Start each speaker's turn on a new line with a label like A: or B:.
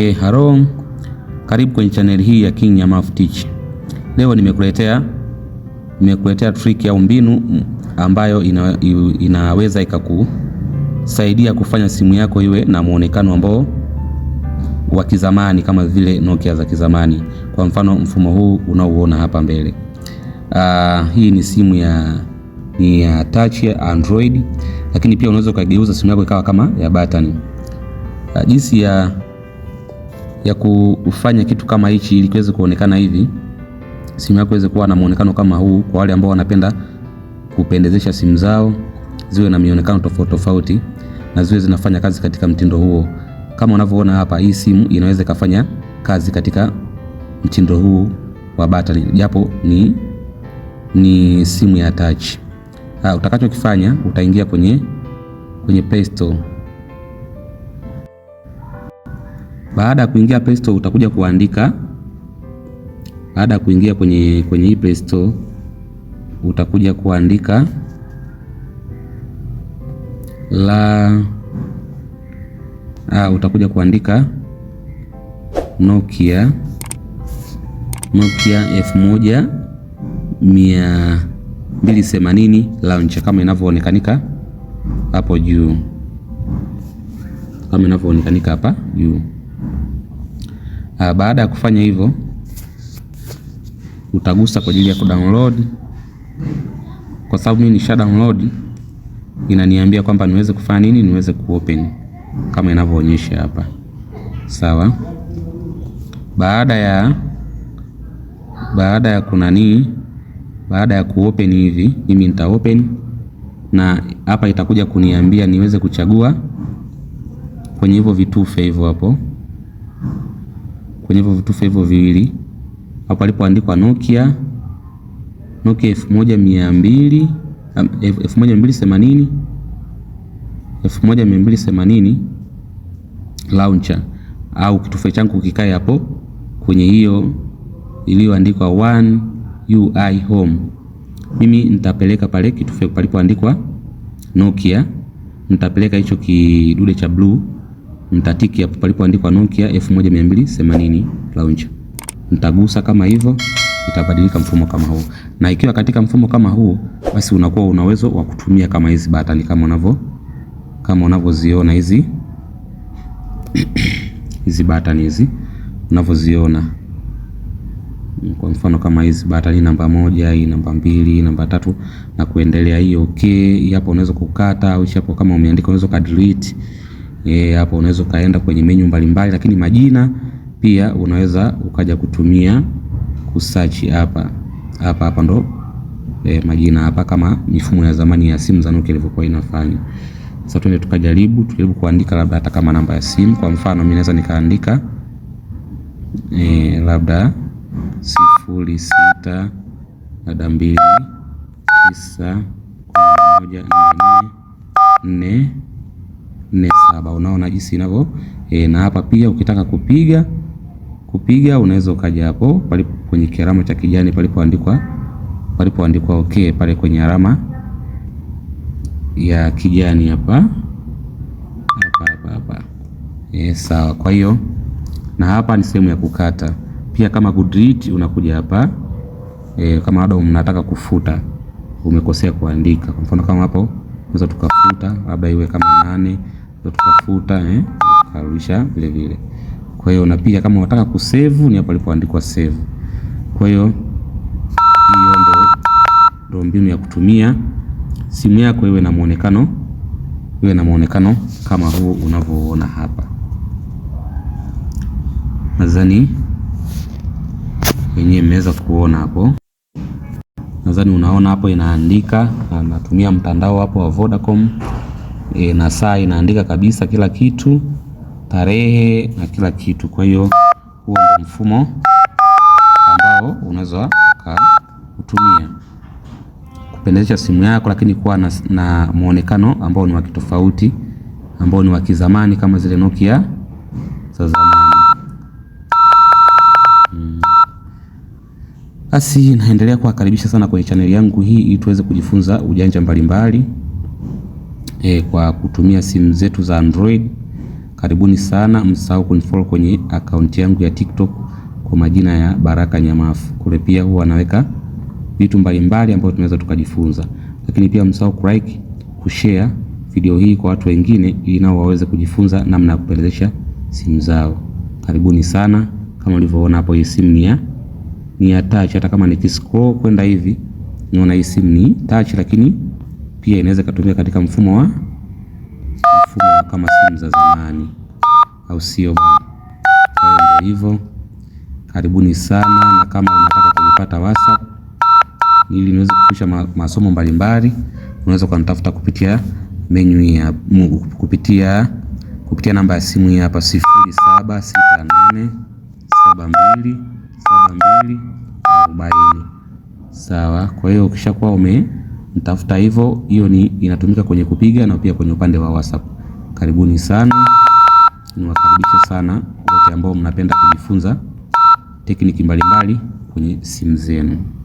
A: Hey, haro, karibu kwenye chaneli hii ya King Nyamafu Teach. Leo nimekuletea nimekuletea trick au mbinu ambayo ina, inaweza ikakusaidia kufanya simu yako iwe na muonekano ambao wa kizamani kama vile Nokia za kizamani. Kwa mfano mfumo huu unaouona hapa mbele. Uh, hii ni simu ya ni ya touch ya Android, lakini pia unaweza ukageuza simu yako ikawa kama ya button. Uh, jinsi ya ya kufanya kitu kama hichi ili kiweze kuonekana hivi, simu yako iweze kuwa na muonekano kama huu, kwa wale ambao wanapenda kupendezesha simu zao ziwe na mionekano tofauti tofauti na ziwe zinafanya kazi katika mtindo huo. Kama unavyoona hapa, hii simu inaweza ikafanya kazi katika mtindo huu wa battery, japo ni, ni simu ya touch. Ah, utakachokifanya utaingia kwenye, kwenye Play Store. Baada ya kuingia Play Store utakuja kuandika, baada ya kuingia kwenye kwenye hii Play Store utakuja kuandika la ah, utakuja kuandika Nokia Nokia elfu moja mia mbili themanini launcher kama inavyoonekanika hapo juu, kama inavyoonekanika hapa juu. Ah, baada ya kufanya hivyo, utagusa kwa ajili ya kudownload. Kwa sababu mimi nisha download, inaniambia kwamba niweze kufanya nini, niweze kuopen kama inavyoonyesha hapa. Sawa. Baada ya baada ya kunanii, baada ya kuopen hivi, mimi nita open na hapa itakuja kuniambia niweze kuchagua kwenye hivyo vitufe hivyo hapo kwenye hivyo vitufe hivyo viwili hapo alipoandikwa Nokia Nokia elfu moja mia mbili elfu moja mia mbili themanini elfu moja mia mbili themanini launcher au kitufe changu kikae hapo kwenye hiyo iliyoandikwa One UI Home. Mimi nitapeleka pale kitufe palipoandikwa Nokia, nitapeleka hicho kidude cha bluu mtatiki hapo palipoandikwa Nokia 1280 launcher. Mtagusa kama hivyo, itabadilika mfumo kama huu, na ikiwa katika mfumo kama huu, basi unakuwa una uwezo wa kutumia kama hizi batani kama unavyo kama unavyoziona hizi hizi batani hizi unavyoziona kwa mfano kama hizi batani namba moja, hii namba mbili, namba tatu na kuendelea. Hii okay, hapo unaweza kukata au hapo kama umeandika unaweza ka delete eh, hapo unaweza ukaenda kwenye menu mbalimbali, lakini majina pia unaweza ukaja kutumia kusearch hapa hapa hapa ndo e, majina hapa, kama mifumo ya zamani ya simu za Nokia ilivyokuwa inafanya. Sasa tuende tukajaribu, tujaribu kuandika labda hata kama namba ya simu. Kwa mfano mimi naweza nikaandika e, labda sifuri sita labda mbili tisa kumi na moja nne nne nne saba. Unaona jinsi inavyo e, na hapa pia ukitaka kupiga kupiga unaweza ukaja hapo palipo kwenye kirama cha kijani palipoandikwa palipoandikwa okay, pale kwenye alama ya kijani hapa hapa hapa hapa e, sawa. Kwa hiyo na hapa ni sehemu ya kukata pia. Kama Goodreads unakuja hapa e, kama bado mnataka kufuta umekosea kuandika, kwa mfano kama hapo Tunaweza tukafuta labda iwe kama nane, ndio tukafuta eh, tukarudisha vile vile. Kwa hiyo na pia kama unataka kusevu ni hapo alipoandikwa save. Kwa hiyo hiyo ndo ndo mbinu ya kutumia simu yako iwe na muonekano iwe na muonekano kama huu unavyoona hapa. Nadhani wenyewe mmeweza kuona hapo nadhani unaona hapo inaandika, anatumia mtandao hapo wa Vodacom e, na saa inaandika kabisa kila kitu, tarehe na kila kitu. Kwa hiyo huo ndio mfumo ambao unaweza kutumia kupendezesha simu yako, lakini kuwa na, na muonekano ambao ni wa kitofauti ambao ni wa kizamani kama zile Nokia za zamani. Basi naendelea kuwakaribisha sana kwenye chaneli yangu hii ili tuweze kujifunza ujanja mbalimbali e, kwa kutumia simu zetu za Android. Karibuni sana, msahau kunifollow kwenye akaunti yangu ya TikTok kwa majina ya Baraka Nyamafu. Kule pia huwa naweka vitu mbalimbali ambavyo tunaweza tukajifunza, lakini pia msahau kulike, kushare video hii kwa watu wengine ili nao waweze kujifunza namna ya kupendezesha simu zao. Karibuni sana, kama ulivyoona hapo, hii simu ni ya ni ya touch. Hata kama nikiscroll kwenda hivi niona hii simu ni touch, lakini pia inaweza ikatumika katika mfumo wa mfumo wa kama simu za zamani, au sio bwana? Kwa hiyo ndio hivyo, karibuni sana, na kama unataka kunipata WhatsApp ili niweze kufikisha masomo mbalimbali, unaweza kunitafuta kupitia menu ya kupitia kupitia namba ya simu hii hapa 0768 saba mbili saba mbili arobaini. Sawa, kwa hiyo ukishakuwa umemtafuta hivyo, hiyo ni inatumika kwenye kupiga na pia kwenye upande wa WhatsApp. Karibuni sana, niwakaribisha sana wote ambao mnapenda kujifunza tekniki mbalimbali kwenye simu zenu.